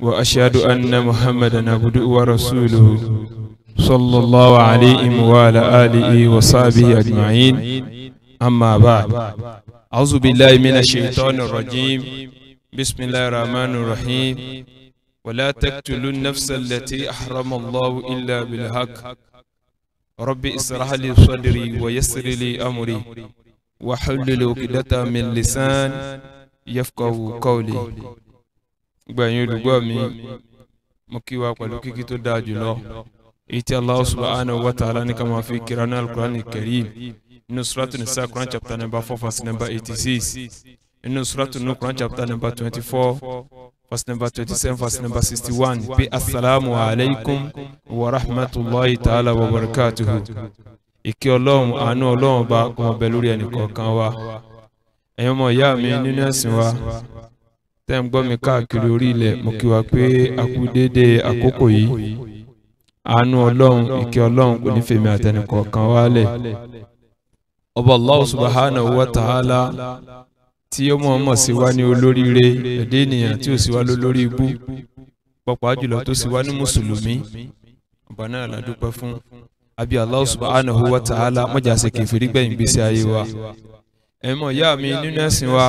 وأشهد أن محمدا عبده ورسوله صلى الله عليه وعلى آله وصحبه أجمعين أما بعد أعوذ بالله من الشيطان الرجيم بسم الله الرحمن الرحيم ولا تقتلوا النفس التي أحرم الله إلا بالحق رب اسرح لي صدري ويسر لي أمري وحلل عقدة من لسان يفقه قولي gbẹ̀yìn olùgbọ́ mi mo kí wa pẹ̀lú kíkí tó dáa jùlọ èyí tí Allah subhanahu wa ta'ala ní ká máa fi kíra ní al-Qur'an al-Karim suratu Nisa Quran chapter number four verse number eighty-six nínú suratu Nuh Quran chapter number twenty-four verse number twenty-seven verse number sixty-one pé asalaamu alaykum wa rahmatulahi ta'ala wa barakatuhu ìkẹ́ ọlọ́run àánú ọlọ́run bá kọ́ lórí ẹnì kọ̀ọ̀kan wa ẹ̀yin ọmọ ìyá mi nínú ẹ̀sìn wa tẹ́ ń gbọ́ mi káàkiri orí ilẹ̀ mo kí wa pé a kú déédéé àkókò yìí àánú ọlọ́run ìkẹ́ ọlọ́run kò ní fèmí àtẹnìkọ̀ọ̀kan wálẹ̀ ọba allah subhanahu wa ta'ala tí ó mọ̀ mọ̀ sí wa ní olóríire ẹ̀dẹ́ ènìyàn tí ó sì wá lólórí ibú pàápàá jùlọ tó sì wá ní mùsùlùmí ọba náà la dúpẹ́ fún àbí allah subhanahu wa ta'ala mọ̀jà ṣe kẹfìrí gbẹ̀yìn gbèsè ayé wa ẹ̀mọ̀ ìyá mi nínú ẹ̀sìn wa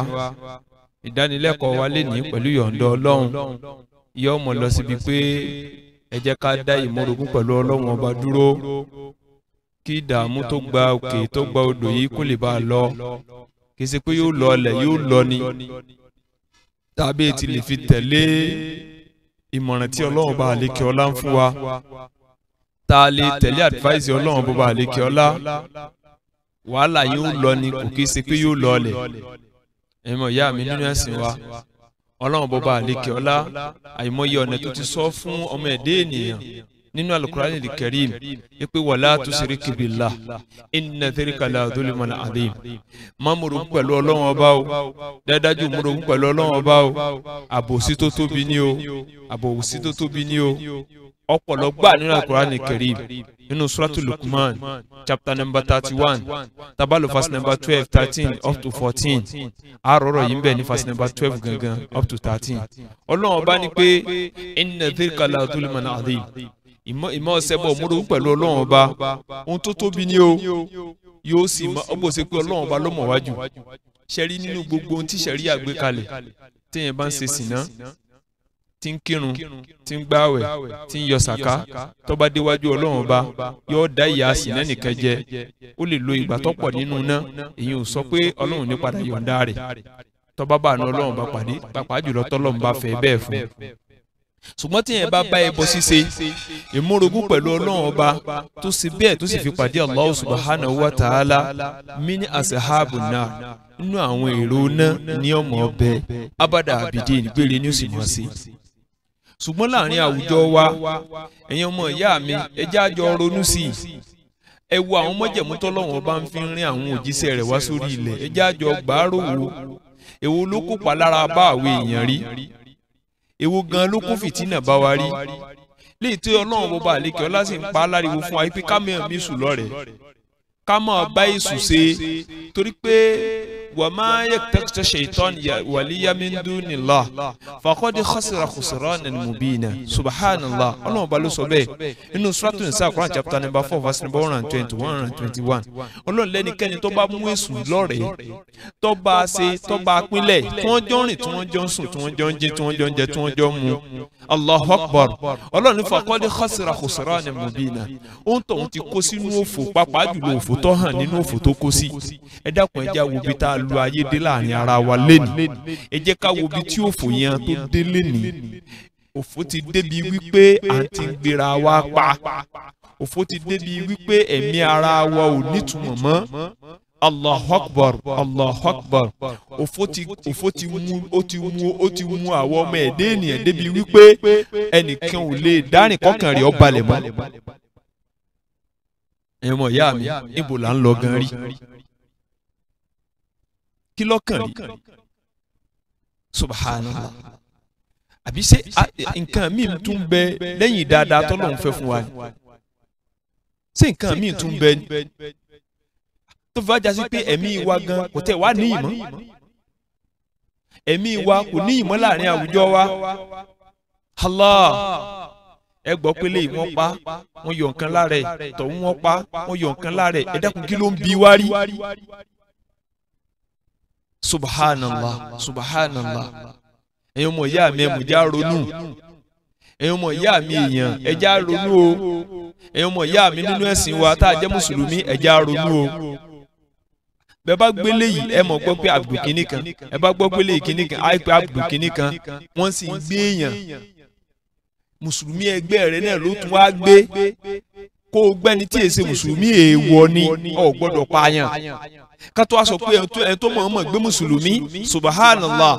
ìdánilẹ́kọ̀ọ́ wa lè ní pẹ̀lú yọ̀ǹda ọlọ́run yóò mọ̀ lọ síbi pé ẹ jẹ́ ká dá ìmọ̀rogún pẹ̀lú ọlọ́run ọba dúró kí ìdààmú tó gba òkè tó gba odò yìí kó lè bá a lọ kì í ṣe pé yóò lọ ọlẹ̀ yóò lọ ni tàbí ti lè fi tẹ̀lé ìmọ̀ràn tí ọlọ́run bá àlékè ọlá ń fún wa tá lè tẹ̀lé advice ọlọ́run bó bá àlékè ọlá wàhálà yóò lọ ni kò kì í ṣe pé yóò lọ ọlẹ̀ ẹ̀mọ̀ ìyá mi nínú ẹ̀sìn wa ọlọ́run bọba àlekè ọlá àìmọye ọ̀nà tó ti sọ fún ọmọ ẹ̀dẹ́ ènìyàn nínú alukurani di karim ipe wàlá tusiriki billah inna zirika la zulman azim mamuru pẹ̀lú Ọlọ́run ọba o dáadáju muru pẹ̀lú Ọlọ́run ọba o àbòsí tó tóbi ni o àbòsí tó tóbi ni o ọ̀pọ̀lọpọ̀ nínú alukurani karim nínú suratu lukman chapter number thirty one tabalu verse number twelve thirteen up to fourteen àárọ̀rọ̀ yìí ń bẹ verse number twelve gangan up to thirteen Ọlọ́run ọba ní pé inna zirika la zulman azim ìmọ̀ ṣẹbọ múru pẹ̀lú ọlọ́run ọba ohun tó tóbi ni o yóò sì mọ ọgbọ́n ṣe pé ọlọ́run ọba ló mọ̀ wájú ṣẹ̀rí nínú gbogbo ohun tí ṣẹ̀rí àgbé kalẹ̀ téèyàn bá ń ṣe sìná tí ń kírun tí ń gbààwẹ̀ tí ń yọ sàká tó bá déwájú ọlọ́run ọba yóò dá ìyà sìná nìkan jẹ ó lè lo ìgbà tó pọ̀ nínú iná èyí ò sọ pé ọlọ́run ní padà yọ̀ǹda rẹ̀ tó bá bá ọlọ́run bá pàdé pàápàá jùlọ tọ́lọ́run bá fẹ́ bẹ́ẹ̀ fún un ṣùgbọ́n tí yẹn bá bá ẹbọ ṣíṣe ìmúrogún pẹ̀lú ọlọ́run ọba tó ṣe bẹ́ẹ̀ tó sì fi pàdé Allah subhanahu wa ta'ala mini asahabu náà nínú àwọn èrò náà ní ọmọ ọbẹ̀ abada abidi ìgbére ní òsì mọ́ sí ṣùgbọ́n láàrin àwùjọ wa ẹ̀yin ọmọ ìyá mi ẹjẹ́ àjọ ronú sí i ẹ wo àwọn mọ́jẹ̀mú tọ́lọ́wọ́n bá ń fi rin àwọn òjíṣẹ́ rẹ̀ wá sórí ilẹ̀ ẹjẹ́ àjọ gbàárò wo èwo ló kópa lára bá àwọn èèyàn rí èwo gan ló kó fìtínà bá wa rí léyìí tí ọlọ́run bó ba àlékè ọlá sì ń pa á láriwo fún wa pé ká mẹ́rin mi sùn lọ́rẹ̀ ká máa bá èṣù ṣe torí pé وما يكتكت شيطان وليا من دون الله فقد خسر خسرانا مبينا سبحان الله الله بالو سوبي انه سوره النساء قران chapter number 4 verse number 121 and 21 Ọlọ́run lẹ́ni kẹ́ni tó bá mú èṣù lọ́rẹ̀ẹ́ tó bá ṣe tó bá pínlẹ̀ tí wọ́n jọ ń rìn tí wọ́n jọ ń sùn tí wọ́n jọ ń jí tí wọ́n jọ ń jẹ tí wọ́n jọ ń mu Allahu Akbar Ọlọ́run faqad khasira khusranan mubina òun tóun ti kó sínú òfò pàápàá jùlọ òfò tó hàn nínú òfò tó kó sí ẹ dákun ẹ já wo bí tá a lu ayé dé láàrin ara wa lénìí ẹ jẹ́ ká wo ibi tí òfò yẹn tó dé lénìí òfò ti débi wípé à ń ti gbéra wa pa òfò ti débi wípé ẹ̀mí ara wa ò nítumọ̀ mọ́ allahu akbar allahu akbar òfò ti òfò ti mú ó ti mú ó ti mú àwọn ọmọ ẹ̀dẹ́ ènìyàn débi wípé ẹnìkan ò lè dárìn kọ́kàn rẹ̀ ó balẹ̀ mọ́. ẹ̀mọ̀ ìyá mi níbo là ń lọ gan rí kí lọ́kàn rí subhanallah àbí ṣe nǹkan míì tún bẹ lẹ́yìn dáadáa tọ́lọ́run fẹ́ fún wa ni ṣé nǹkan míì tún bẹ ni tó fi wá jásí pé ẹ̀mí wa gan kò tẹ̀ wá ní ìmọ̀ ẹ̀mí wa kò ní ìmọ̀ láàrin àwùjọ wa Allah ẹ gbọ́ pé lè wọ́n pa wọ́n yọ nǹkan lára ẹ̀ tọ̀hún wọ́n pa wọ́n yọ nǹkan lára ẹ̀ ẹ kí ló ń bi wá rí subhanallah subhanallah ẹ̀yin ọmọ ìyá mi ẹ̀mú já ronú ẹ̀yin ọmọ ìyá mi èèyàn ẹ já ronú o ẹ̀yin ọmọ ìyá mi nínú ẹ̀sìn wa tá a jẹ́ mùsùlùmí ẹ já ronú o bẹ bá gbé léyìí ẹ mọ̀ gbọ́ pé Abdul kìíní kan ẹ bá gbọ́ pé léyìí kìíní kan àìpé Abdul kìíní kan wọ́n sì ń gbé èèyàn mùsùlùmí ẹgbẹ́ rẹ náà ló tún wá gbé kó o gbẹ́ni tí èsì mùsùlùmí èèwọ̀ ni ọ̀ gbọ́dọ̀ pààyàn ká tó a sọ pé ẹ tó mọ̀ọ́mọ̀ gbé mùsùlùmí subhanallah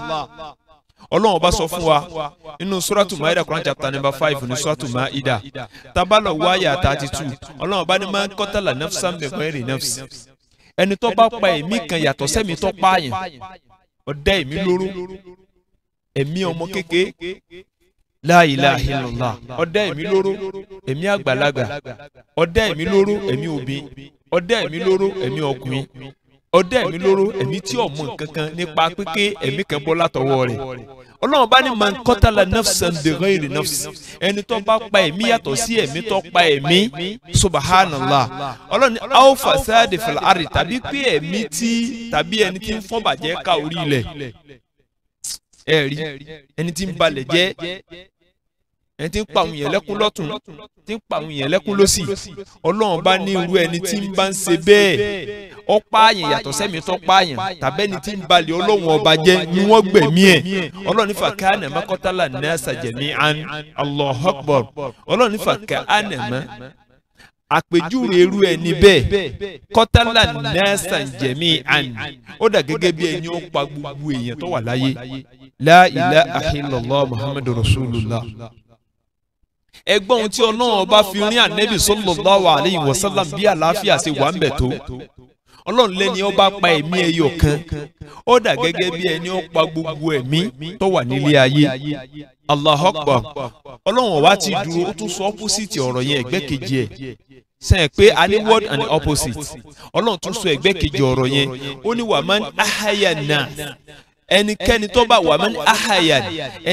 ọlọ́run bá sọ fún wa nínú suratu maida quran chapter number five ní suratu maida tabalọ wáyà thirty two ọlọ́run bá ní máa ń kọ́tàlá nafsa mẹ́rin nafsi ẹni tó bá pa ẹ̀mí kan yàtọ̀ sẹ́mi tó pààyàn ọ̀dá ẹ̀mí lóró ẹ̀mí ọmọ kékeré láìláhìlọ́lá ọ̀dá èmi lóró èmi àgbàlagbà ọ̀dá èmi lóró èmi obìnrin ọ̀dá èmi lóró èmi ọkùnrin ọ̀dá èmi lóró èmi tí ò kankan nípa pípé èmi kan bọ́ látọwọ́ ọlọ́run bá ní man kọ́tàlá nafsan de ghayri nafsi ẹni tó bá pa ẹ̀mí yàtọ̀ sí ẹ̀mí tó pa ẹ̀mí subahánàlá ọlọ́run ní aw fasadi fil ardi tàbí pé ẹ̀mí tí tàbí ẹni tí ń fọ́n bàjẹ́ ká orí ilẹ̀ ẹ rí ẹni tí ń balẹ̀ jẹ́ ẹni tí ń pa àwọn èèyàn lẹ́kún lọ́tún tí ń pa àwọn èèyàn lẹ́kún lọ́sì ọlọ́run bá ní irú ẹni tí ń bá ń ṣe bẹ́ẹ̀ ọ̀pá àyàn yàtọ̀ sẹ́mi tó pa àyàn tàbẹ́ni tí ń balẹ̀ ọlọ́run ọba jẹ́ ni wọ́n gbẹ̀mí ẹ̀ ọlọ́run nífà ká ànà mọ́ kọ́tàlá nasa jami'an Allahu Akbar ọlọ́run nífà ká ànà mọ́ àpèjúwe irú ẹni bẹ́ẹ̀ kọ́tàlá nasa jami'an ó dà gẹ́gẹ́ bí ẹni ó pa gbogbo èèyàn tó wà láyé la ilaha illallah muhammadu rasulullah ẹgbọn tí náà ọba fi rin ànẹ́bì sọlọlọ alayhi wa sallam bí àlàáfíà ṣe wà ń tó ọlọ́run ọba pa ẹ̀mí ẹyọ kan ó dà gẹ́gẹ́ bí ẹni ó pa gbogbo ẹ̀mí tó wà nílé ayé tún sọ ọ́pọ́sìtì ọ̀rọ̀ yẹn ẹ̀ sẹ́yìn pé a ní ẹnikẹ́ni tó bá wà mẹ́ni ahaya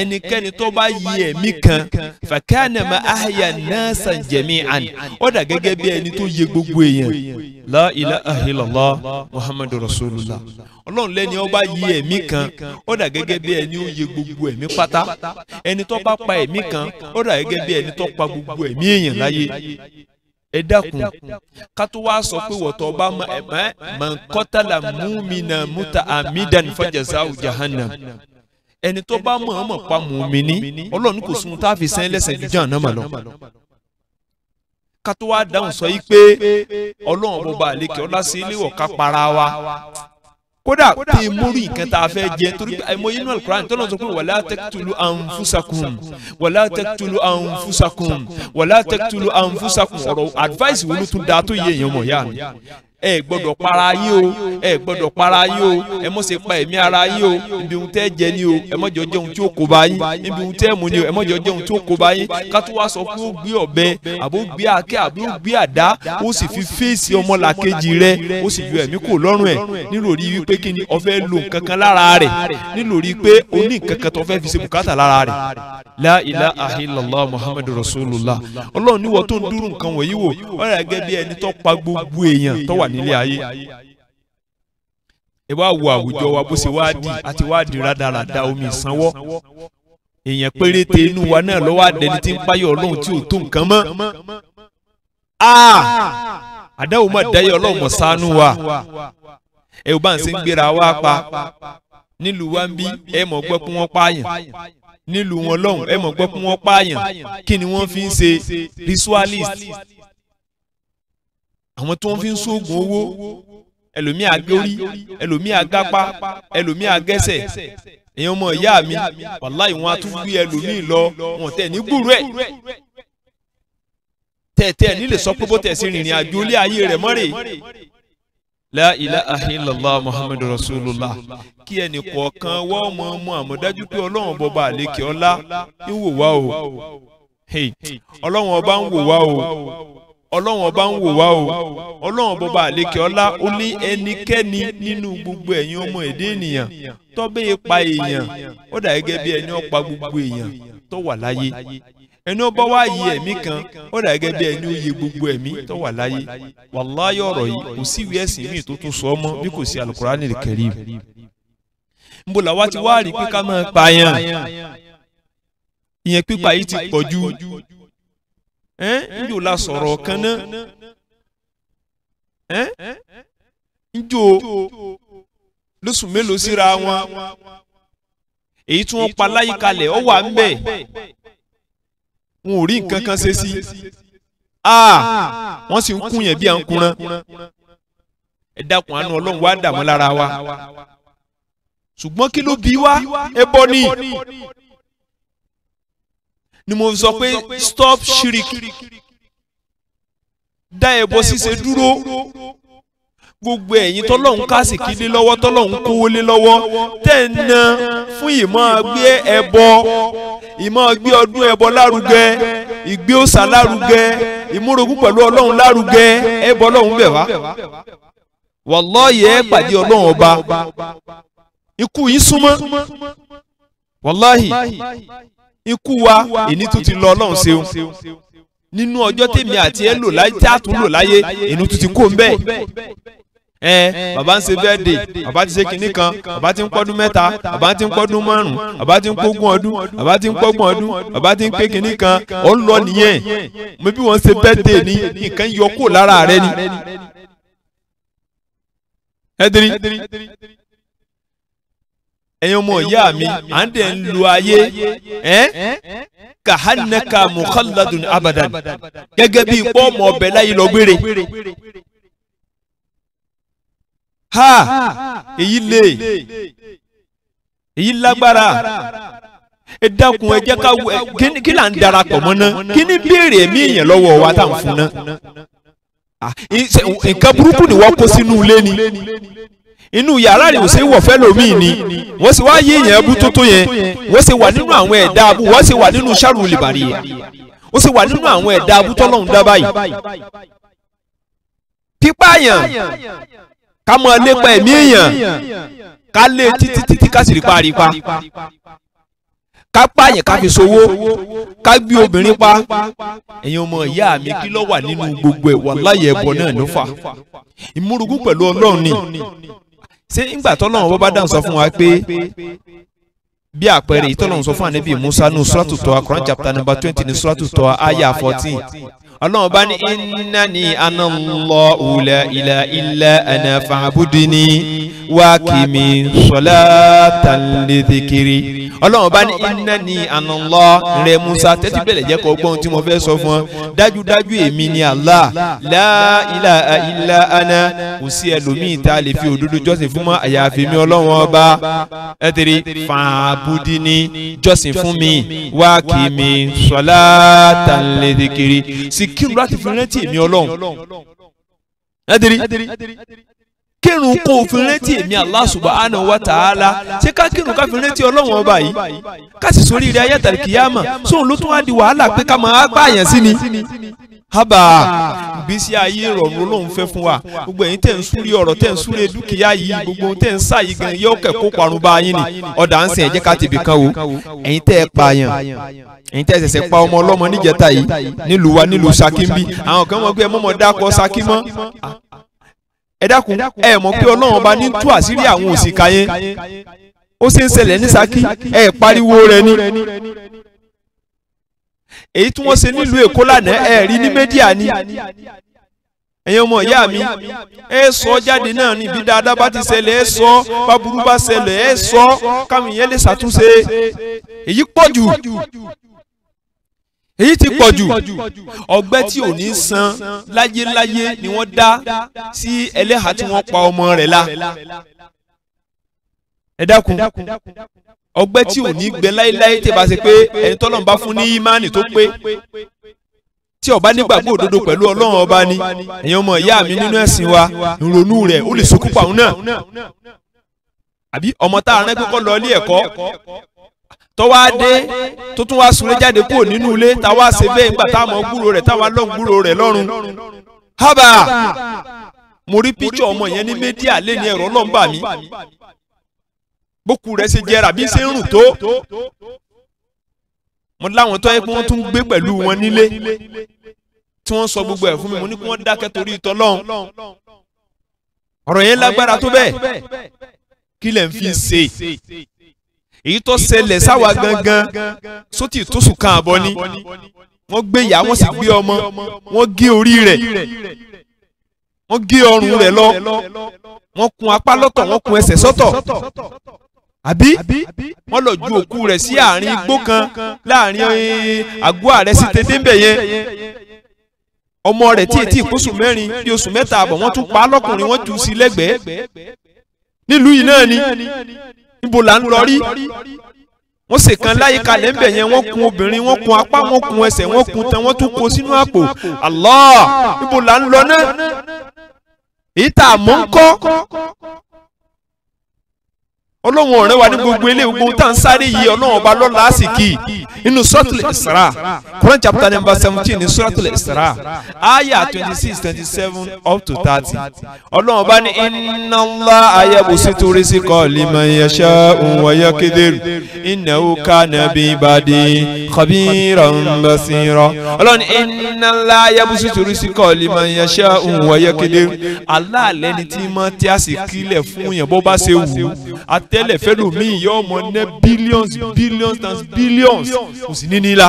ẹnikẹ́ni tó bá yí ẹ̀mí kan fàkànnà ma ahaya náà sàn jẹ̀mí àn ó dà gẹ́gẹ́ bí ẹni tó yẹ gbogbo èèyàn la ilaha illallah muhammadu rasulullah ọlọ́run lẹ́ni ó bá yí ẹ̀mí kan ó dà gẹ́gẹ́ bí ẹni ó yẹ gbogbo ẹ̀mí pátá ẹni tó bá pa ẹ̀mí kan ó dà gẹ́gẹ́ bí ẹni tó pa gbogbo ẹ̀mí èèyàn láyé ẹ dákun ká tó wá sọ pé wọ́tọ̀ ọba mọ ẹ̀mọ́ mọ̀nkọ́tàlá múmìnà múta àmídàn fàjẹsà jahannam ẹni tó bá mọ̀ ọmọ pa mùmíní ọlọ́run kò sun tá a fi sẹ́yìn lẹ́sẹ̀ ju jàn náà lọ. ká tó wá dáhùn sọ yìí pé ọlọ́run ọba àlekè ọlá sí ilé ìwọ̀ ká para wa kódà tẹ ẹ mórí nǹkan tá a fẹ́ jẹ torí àìmọ inú alukuran tọ́lọ̀ sọ pé wàlá tẹ́kítulu anfusakum wàlá tẹ́kítulu anfusakum wàlá tẹ́kítulu anfusakum ọ̀rọ̀ advice wo ló tún dáa tó yé èèyàn mọ̀ yá mi ẹ gbọ́dọ̀ para yín o ẹ gbọ́dọ̀ para yín o ẹ mọ̀ ṣe pa ẹ̀mí ara yín o ibi ohun tẹ́ jẹ ni o ẹ mọ̀ jọ jẹ ohun tí ó kó bá yín ibi ohun tẹ́ mu ni o ẹ mọ̀ jọ jẹ ohun tí ó kó bá yín ká wá sọ pé gbé ọ̀bẹ àbó gbé àáké àbó gbé àdá ó sì fi fèsì ọmọlàkejì rẹ ó sì ju ẹ̀mí kò lọ́rùn ẹ̀ nílòrí wípé kí ni o fẹ́ lo nǹkan kan lára rẹ̀ nílòrí pé o ní nǹkan tó fẹ́ fi ṣe bùkátà lára rẹ̀ la ilaha illallah muhammadu rasulullah ọlọ́run níwọ̀ tó ń dúró nǹkan wọ̀nyí wò ọ̀rẹ́ gẹ́gẹ́ bí ẹni tó wà nílé ayé ẹ wá wo àwùjọ wa bó ṣe wá di àti wá di rádaràda omi ìsanwó èèyàn péréte inú wa náà lọ́wọ́ àdẹni tí ń páyọ̀ ọlọ́run tí ò tó nǹkan mọ́ àdáwò mọ̀ dáyé ọlọ́run mọ̀ ṣàánú wa ẹ ò bá ń ṣe ń gbéra wa pa nílùú wa ń bí ẹ mọ̀ gbọ́ pé wọ́n pààyàn nílùú wọn lọ́hùn ẹ mọ̀ gbọ́ pé wọ́n pààyàn kí ni wọ́n fi ń ṣe ritualist àwọn tó ń fi ń sóògùn owó ẹlòmíì agórí ẹlòmíì agápá ẹlòmíì agẹ́sẹ̀ èèyàn ọmọ ìyá mi wàláì wọn a tún gbé ẹlòmíì lọ wọn tẹ ní gbúrú ẹ tẹ̀tẹ̀ nílẹ̀ sọ pé bó tẹ̀ sí rìnrìn àjò ilé ayé rẹ̀ mọ́rẹ̀ la ilaha illallah muhammadu rasulullah kí ẹnì kọ̀ọ̀kan wọ́n mọ ọmọ àmọ̀dájú pé ọlọ́run bọba àlékè ọlá ń wò wá o ọlọ́run ọba ń wò wá o. ọlọ́run ọba ń wò wá o ọlọ́run bọba ọlá ó ní ẹnikẹ́ni nínú gbogbo ẹ̀yin ọmọ èdè ènìyàn tọ́bẹ̀ ipa èèyàn ó dà gẹ́gẹ́ bí ẹni ọ̀pá gbogbo èèyàn tó wà láyé ẹni ó wá yí kan ó dà gẹ́gẹ́ bí ẹni ó gbogbo ẹ̀mí tó wà láyé wàláyé ọ̀rọ̀ yìí kò ń jò la sọ̀rọ̀ kan náà ń jò lóṣù mélòó síra wọn èyí tí wọ́n pa láyé kalẹ̀ ọ wà ń bẹ̀ wọn ò rí nǹkan kan ṣe sí wọ́n sì ń kún yẹn bi à E kunran ẹ dákun àánú ọlọ́run wá dààmú lára wa ṣùgbọ́n kí ló bí wá ẹbọ ni. ni mo sọ pé stop shirik dá ẹbọ ṣíṣe dúró gbogbo ẹ̀yin tọ́lọ́hún kásìkí lé lọ́wọ́ tọ́lọ́hún kówó lé lọ́wọ́ tẹ̀ ń na fún ìmọ̀ gbé ẹbọ ìmọ̀ gbé ọdún ẹbọ lárugẹ ìgbé òòṣà lárugẹ ìmúrogún pẹ̀lú ọlọ́run lárugẹ ẹbọ ọlọ́run bẹ̀ wá wàlọ́ọ̀yì pàdé ọlọ́run ọba ikú yín súnmọ́ wàláhì ikú wa èní tún ti lọ ọlọ́run ṣeun nínú ọjọ́ tèmi àti ẹ lò láyé tí a tún lò láyé ènú tún ti kó ń bẹ́ẹ̀ ẹ bàbá ń ṣe bẹ́ẹ̀dẹ̀ bàbá ti ṣe kinní kan bàbá ti ń pọ́dún mẹ́ta bàbá ti ń pọ́dún márùn bàbá ti ń pógún ọdún bàbá ti ń pọ́gbọ̀n ọdún bàbá ti ń pé kinní kan ó ń lọ nìyẹn mo bí wọ́n ṣe bẹ́ẹ̀dẹ̀ ní nǹkan yọ kó lára rẹ ni. ẹ dirí ẹ̀yin ọmọ ìyá mi à ń dẹ̀ ń lu ayé kàhánàkà mukhalladun abadan gẹ́gẹ́ bí pọ́ọ̀mù ọbẹ̀ láyé lọ gbére ha èyí lè èyí lágbára ẹ dákun ẹ jẹ́ ká wẹ kí là ń darapọ̀ mọ́ ná kí ni béèrè mí èèyàn lọ́wọ́ wa tá à ń ná nǹkan ah, burúkú inú yàrá rẹ̀ ò ṣe wọ̀ ni wọ́n sì wá yé èèyàn ẹbú tó tó yẹn wọ́n sì wà nínú àwọn ẹ̀dá abú wọ́n sì wà nínú sáré olùbàrí yẹn ó sì wà nínú àwọn ẹ̀dá abú tọ́lọ́hún dá báyìí. pípààyàn ká mọ lépa ẹ̀mí èèyàn ká lé títí títí ká sì rí paripa ká pààyàn ká fi ṣòwò ká gbé obìnrin pa ẹ̀yin ọmọ ìyá mi kí ló wà nínú gbogbo ẹ̀ wà láyé ẹ̀bọ náà ló ìmúrugún pẹ̀lú ọlọ́run ni ṣé ńgbà tọ́lọ́run bọ́ bá dáhùn sọ fún wa pé bí àpẹẹrẹ ìtọ́lọ́run sọ fún ànábì Musa nù suratu Toa Quran chapter number twenty ní suratu Toa aya fourteen ọlọ́run bá ní innani anallahu la ilaha illa ana fa'budni wa kimi salatan li dhikri ọlọ́run bá ní innani anallahu rẹ musa tẹ́tí bẹ̀rẹ̀ jẹ́ kó gbọ́n tí mo fẹ́ sọ fún ọ dájúdájú èmi ni allah la ilaha illa ana kò sí ẹlòmíì tá a lè fi òdodo jọ́sìn fún mọ́ àyàfi mi ọlọ́run ọba ẹ tẹ̀lé fa'budni jọ́sìn fún mi wa kimi salatan li dhikri sí ti kírun láti fi rántí èmi ọlọ́run ẹ̀dẹ̀rí kírun kó fi rántí èmi Allah subhanahu wa ta'ala ṣé ká kírun ká fi rántí ọlọ́run ọba yìí ká sì sórí ilé ayé àtàlùkìyàmọ̀ sóun ló tún wá di wàhálà pé ká máa pààyàn sí ni. Haba, ìgbésí ayé ìrọ̀rùn lòun fẹ́ fún wa gbogbo ẹ̀yin tẹ̀ ń súré ọ̀rọ̀ tẹ̀ ń súré dúkìá yìí gbogbo tẹ̀ ń sáyé gan yóò kẹ́ kó parun bá yín ni ọ̀dà ń sìn ẹ̀jẹ̀ ká tèbi kan o ẹ̀yin tẹ̀ ẹ pààyàn ẹ̀yin tẹ̀ ṣẹ̀ṣẹ̀ pa ọmọ ọlọ́mọ níjẹta yìí nílùú wa nílùú Ṣakí ń bí àwọn kan mọ̀ pé ẹ dákọ̀ Ṣakí mọ́ dákun ẹ mọ̀ pé èyí tí wọ́n ṣe nílùú èkó lánàá ẹ̀ rí ní mẹ́díà ni ẹ̀yin ọmọ ìyá mi ẹ sọ jáde náà ní ibi dáadáa bá ti ṣẹlẹ̀ ẹ sọ báburú bá ṣẹlẹ̀ ẹ sọ káwọn ìyẹn lè ṣàtúnṣe èyí pọ̀ jù èyí ti pọ̀ jù ọgbẹ́ tí ò ní san láyéláyé ni wọ́n dá sí ẹlẹ́hàá tí wọ́n pa ọmọ rẹ̀ la ẹ dákun ọgbẹ́ tí ò ní gbẹ láéláé tẹ́ bá ṣe pé ẹni tọ́lọ́run bá fún ní ìmánì tó pé tí ọba nígbàgbọ́ òdodo pẹ̀lú ọlọ́run ọba ni ẹ̀yin ọmọ ìyá mi nínú ẹ̀sìn wa ìrònú rẹ̀ ó lè sokúpa òun náà àbí ọmọ tá a rán kókó lọ ilé ẹ̀kọ́ tọ́wá dé tó tún wá sunlé jáde kúrò nínú ilé táwa ṣe bẹ́ẹ̀ nígbà táwọn ọmọ gbúrò rẹ̀ táwa lọ́n gbúrò rẹ̀ lọ́rùn hábà mo rí píkṣọ̀ ọmọ yẹn ní mẹ́díà lé ní ẹ̀rọ ọlọ́run bà bókù rẹ̀ ṣe jẹrà bí ṣe ń rùn tó mo láwọn tó yẹ pé wọ́n tún gbé pẹ̀lú wọn nílé tí wọ́n sọ gbogbo ẹ̀ fún mi mo ní kí wọ́n dákẹ́ torí ìtọ́ lọ́hùn ọ̀rọ̀ yẹn lágbára tó bẹ́ẹ̀ kí lẹ̀ ń fi ṣe èyí tó ṣẹlẹ̀ sáwa gangan sótì tó sùn kan àbọ̀ ni wọ́n gbé ìyá wọ́n sì gbé ọmọ wọ́n gé orí rẹ̀ wọ́n gé ọrùn rẹ̀ lọ wọ́n kun apá lọ́tọ̀ wọ́n kun ẹsẹ̀ sọ́tọ̀ àbí wọn lọ ju òkú rẹ̀ sí àárín igbó kan láàárín eh, àgọ́ ààrẹ sí tẹdẹmbẹ yẹn ọmọ rẹ̀ tí etí ìkóṣù mẹ́rin bí oṣù mẹ́ta àbọ̀ wọ́n tún pa á lọ́kùnrin wọ́n jù ú sí lẹ́gbẹ̀ẹ́ nílùú yìí náà ni níbo là ń lọ rí wọ́n sì kan láyé kalẹ̀ ńbẹ̀ yẹn wọ́n kun obìnrin wọ́n kun apá wọ́n kun ẹsẹ̀ wọ́n kun tán wọ́n tún kó sínú àpò Allah níbo là ń lọ náà èyí tá a mọ̀ ń kọ́ ọlọ́run ọ̀rẹ́ wa ní gbogbo ilé gbogbo tá à ń sáré yìí ọlọ́run ọba lọ́la àsìkì inú suratul Isra Quran chapter number seventeen ní suratul Isra ayah twenty six twenty seven up to thirty ọlọ́run ọba ní inna Allaha yabsutu rizqa liman yasha'u wa yaqdiru innahu kana bi ibadihi khabiran basira ọlọ́run inna Allaha yabsutu rizqa liman yasha'u wa yaqdiru aláàlẹ́ni tí mọ́ tí a sì fún yẹn bó bá ṣe wù á t àtẹ́lẹ̀ fẹ́lú mi yóò mọ ná billions billions times billions kò sí ní nílá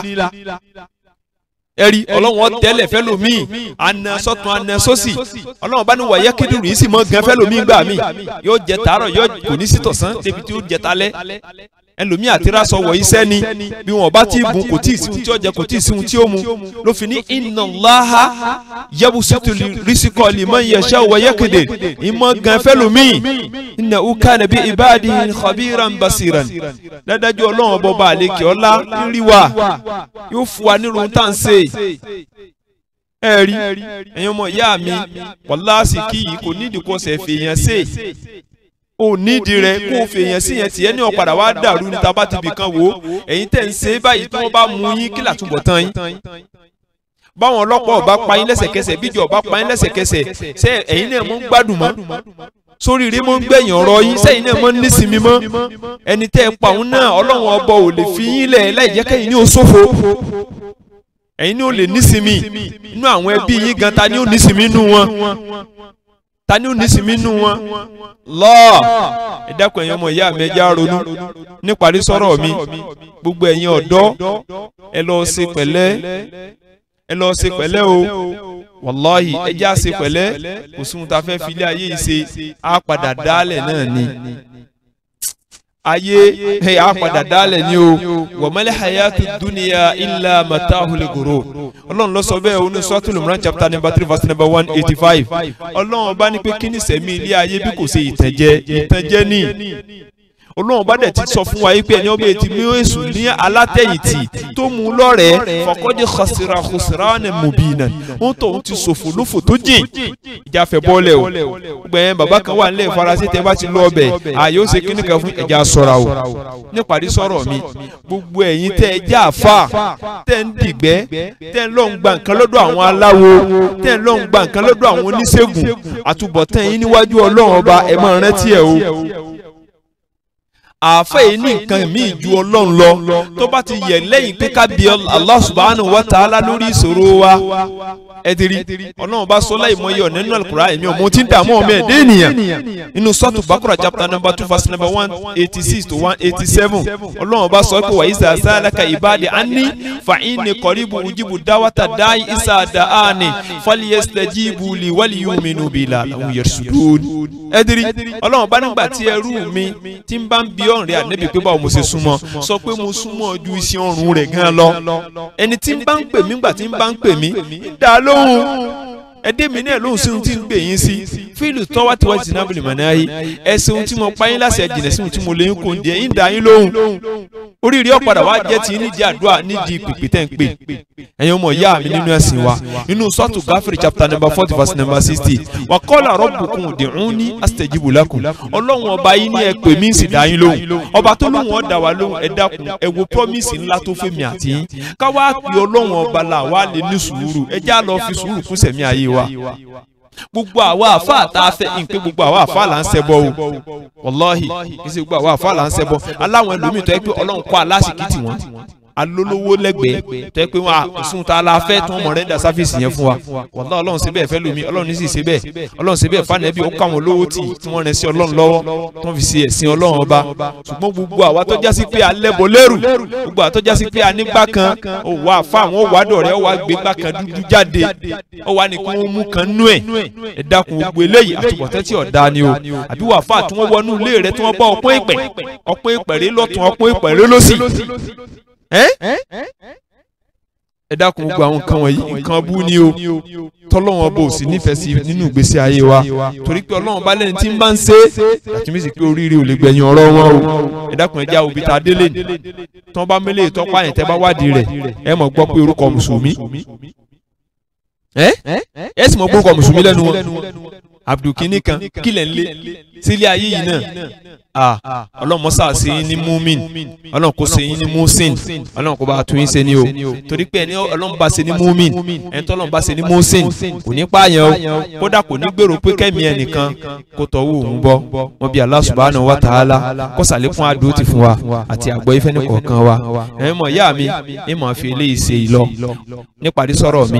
ẹ̀rí ọlọ́run tẹ́lẹ̀ fẹ́lú mi àna sọ́tún àna sósì ọlọ́run bá ní wàyẹ́ kíndùn yìí sì mọ́ gan fẹ́lú mi gbà mí yóò jẹ tàárọ̀ yóò kò ní sí tọ̀sán débi tí yóò jẹ talẹ́ ẹlòmíì àti raṣọ wọ̀ iṣẹ́ ni bí wọn bá ti bùn kò tí ì sí ohun tí ó jẹ kò tí ì sí ohun tí ó mu ló fi ní inna Allaha yabsutu rizqa liman yasha'u wa yaqdir ìmọ̀ gan fẹ́lòmíì innahu kana bi ibadihi khabiran basiran dájú ọlọ́run ọba ọba àlekè ọlá rírí wa yóò fún wa nírun tá à ń ṣe ẹ̀rí ẹ̀yin ọmọ ìyá mi wàláàsì kí yìí kò nídìí kó ṣẹ̀fẹ̀ yẹn ṣe o nídìí rẹ kó o fèèyàn sí yẹn tiẹ̀ ní ọ̀padà wá dàrú ní taba ti bìkan wò ó ẹ̀yin tẹ̀ ń ṣe báyìí tí wọ́n bá mú yín kí làtúbọ̀ tán yín báwọn ọlọ́pàá ọba pa yín lẹ́sẹ̀kẹsẹ̀ bíjọ ọba pa yín lẹ́sẹ̀kẹsẹ̀ ṣé ẹ̀yin náà mọ̀ ń gbádùn mọ́ sóríire mọ́ ń gbẹ̀yìn ọ̀rọ̀ yín sẹ́yìn náà mọ́ ń nísìmí mọ́ ẹni tẹ́ ẹ pa òun náà ọlọ́run ọba ò lè fi yín lẹ̀ láì kẹ́yìn ní o ṣòfò ẹ̀yin ní o lè nísìmí inú àwọn ẹbí yín gan ta ni ó nísìmí inú wọn ta ni ó ní sinmi nù wọn lọ ẹ dákun ẹ̀yin ọmọ ìyá mi ẹ já ronú níparí sọ̀rọ̀ mi gbogbo ẹ̀yin ọ̀dọ́ ẹ lọ ṣe pẹ̀lẹ́ ẹ lọ ṣe pẹ̀lẹ́ o wàláhì ẹ já ṣe pẹ̀lẹ́ kò sóhun tá a fẹ́ fi ayé yìí ṣe á padà dálẹ̀ náà ni ayé a padà dálẹ̀ ni o wàmẹ́lẹ́ hayatu duniya illa matahul ghurur ọlọ́run ló sọ bẹ́ẹ̀ o ní suratul Imran chapter number three verse number one eighty five ọlọ́run bá ní pé kíni sẹ́mi ilé ayé bí kò ṣe ìtànjẹ ìtànjẹ ní ọlọ́run bá dẹ̀ ti sọ fún wa wípé ẹni ọbẹ̀ ti mú èṣù ní alátẹ̀yìntì tó mú lọ́rẹ̀ẹ́ fọkọ́dé khasira khusranan mubina ń tọ̀hún ti ṣòfò lófò tó jìn ìjà fẹ́ o gbẹ̀yẹn bàbá kan wà nílẹ̀ faransé tẹ́ bá ti lọ ọbẹ̀ ààyè ó ṣe kíní kan fún ẹja sọ̀ra o níparí sọ̀rọ̀ mi gbogbo ẹ̀yin tẹ́ ẹ já àfa tẹ́ ń dìgbẹ́ tẹ́ ń lọ ń gba nǹkan lọ́dọ̀ àwọn aláwo tẹ́ ń lọ ń gba nǹkan lọ́dọ̀ àwọn oníṣègùn àtúbọ̀tán níwájú ọlọ́run ọba ẹ̀ máa rántí ẹ̀ o àáfẹ́ yìí ní nǹkan míì ju ọlọ́run lọ tó bá ti yẹ lẹ́yìn pé ká bi Allah subhanahu wa ta'ala lórí ìṣòro wa ẹ ti rí ọlọ́run bá sọ láì mọ iye ọ̀nà nínú àlùkùrá èmi ọ̀mọ tí ń dààmú ọmọ ẹ̀ ènìyàn nínú sọ́ọ̀tù bákùrà chapter number two verse number one eighty six to one eighty seven ọlọ́run bá sọ pé wà ìsà sálàkà ìbàdí àní fàáìní kọ̀ríbù ujibu dáwàtà dáì ìsà dàáni fọlíyẹsẹ̀ jíìbù lì wálì yóò mi nù bìlà làwọn yẹrù sùdúró ẹ ti rí ọlọ́run bá nígbà tí ẹrú mi ti ń bá ń bi yóò rí ànábì pé báwo mo ṣe súnmọ́ sọ pé mo súnmọ́ ju iṣẹ́ ọrùn rẹ̀ gan lọ ẹni tí ń bá ń pè mí gbà tí ń bá ń pè mí dá lóhùn ẹdẹ mi náà lóhùn sí ohun tí ń gbè yín sí fíìlù tán wá ti wá jìnnà náà yìí ẹ ohun tí mo pa yín láṣẹ jìnnà sí ohun tí mo lè ń kò ń jẹ ń dá yín lóhùn oríire ọ̀padà wa jẹ́ ti nídìí àdúrà nídìí pèpè tẹ́ ń pè ẹ̀yin ọmọ ìyá mi nínú ẹ̀sìn wa nínú sọ́ọ̀tù gáfírí chapter number forty verse number sixty wà kọ́lá rọ́bùkún dìrún ní àstẹ̀jìbò lákùn ọlọ́run ọba yìí ní ẹ pè mí sì dá yín lóhùn ọba tó lóhùn ọ̀dà wa lóhùn ẹ dákun ẹ wo promise ńlá tó fẹ́ mi àti yín káwá pé ọlọ́run ọba là wà lè ní sùúrù ẹ já lọ fi sùúrù kún sẹ̀mí ayé wa gbogbo àwa àfa àta fẹ́ ìpè gbogbo àwa àfa là ń ṣẹbọ o wàláhì kì í ṣe gbogbo àwa àfa là ń ṣẹbọ aláwọn ẹlòmíì tó yẹ pé ọlọ́run kọ́ alásìkí tiwọn alólówó lẹ́gbẹ̀ẹ́ tẹ́ pé wọn sun ta la fẹ́ tún mọ̀ rẹ́ńdà sáfíìsì yẹn fún wa wàlá ọlọ́run síbẹ̀ fẹ́ lómi ọlọ́run sì síbẹ̀ ọlọ́run síbẹ̀ fànẹ́bí ó káwọn olówó tì tí wọ́n rẹ̀ sí ọlọ́run lọ́wọ́ tó ń fi ṣe ẹ̀sìn ọlọ́run ọba ṣùgbọ́n gbogbo àwa tó jásí pé alẹ́ bọ̀ lẹ́rù gbogbo àwa tó jásí pé anígbà kan ó wà fún àwọn òwádọ̀ rẹ̀ ó wà gbé gbà kan dúdú jáde ó wà ní kí wọ́n mú kan nú ẹ̀ ẹ̀ dákun gbogbo eléyìí àtúbọ̀tẹ́ tí ọ̀dà ni o àbí wà fún àtúnwọ́wọ́nú ilé rẹ̀ tí wọ́n bá ọpọ́n ìpẹ́ ọpọ́n ìpẹ́ rẹ̀ lọ́tún ọpọ́n ìpẹ́ rẹ̀ lọ́sì ẹ dákun gbogbo àwọn nǹkan wọ̀nyí nǹkan bú ni o tọ́lọ́wọ́n bò sí nífẹ̀ẹ́ sí nínú ìgbésí ayé wa torí pé ọlọ́run bá lẹ́ni tí ń bá ń ṣe é àtúnbí sì pé oríire ò lè gbẹ̀yìn ọ̀rọ̀ wọn o ẹ dákun ẹja òbí ta délé tán bá mélé tọ́pá yẹn tẹ́ bá wádìí rẹ̀ ẹ mọ̀ gbọ́ pé orúkọ mùsùlùmí ẹ sì mọ̀ pé orúkọ mùsùlùmí lẹ́nu wọn Abdul kìnnìkan kílẹ̀ ńlẹ̀ sílé ayé yìí náà Ah, ah, ah, ọlọ́run mọ́sá ṣe yín ní múmin ọlọ́run kò ṣe yín ní músìn ọlọ́run kò bá tún yín ṣe ní o torí pé ẹni ọlọ́run bá ṣe ní múmin ẹni tó ọlọ́run bá ṣe ní músìn kò ní pààyàn o kódà kò ní gbèrò pé kẹ́mi ẹnìkan kò tọ́wọ́ òun bọ́ wọn bí Allah subhanahu wa ta'ala kó ṣàlékún àdúró ti fún wa àti àgbọ̀ ifẹ̀ ní kọ̀ọ̀kan wa ẹ̀ mọ̀ ìyá mi ẹ̀ mọ̀ fi eléyìí ṣe ìlọ níparí sọ̀rọ̀ mi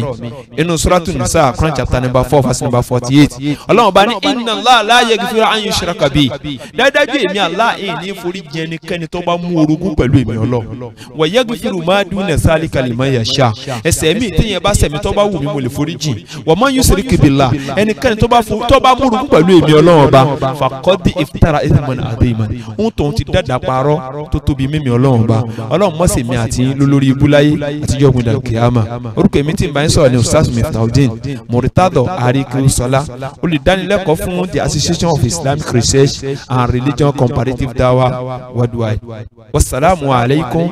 inú suratu nisa Quran chapter number four verse number forty eight ọlọ́run bá ní inna Allah la yaghfiru an yushraka bihi dájú èmi Allah ní forí jẹ ẹnikẹ́ni tó bá mú orogún pẹ̀lú èmi ọlọ́run wọ̀nyẹ́ gbẹ́fìrù máa dún ní sálí kalimọ̀ yàṣà ẹsẹ̀ mi téèyàn bá sẹ̀mí tó bá wù mí mo lè forí jìn wọ́n máa ń yún sírí kìbìlà ẹnikẹ́ni tó bá mú orogún pẹ̀lú èmi ọlọ́run ọba fàkọ́dí ìfitara ìmọ̀nà àdéhìmọ̀ ń tòun ti dáadáa parọ́ tó tóbi mímí ọlọ́run ọba ń sọ̀rọ̀ ní ustaz miftaudeen the association of islamic research and religion ìjọ comparative dawa worldwide wasalaamu alaykum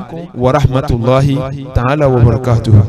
wa rahmatulahi ta'ala wa barakatuhu.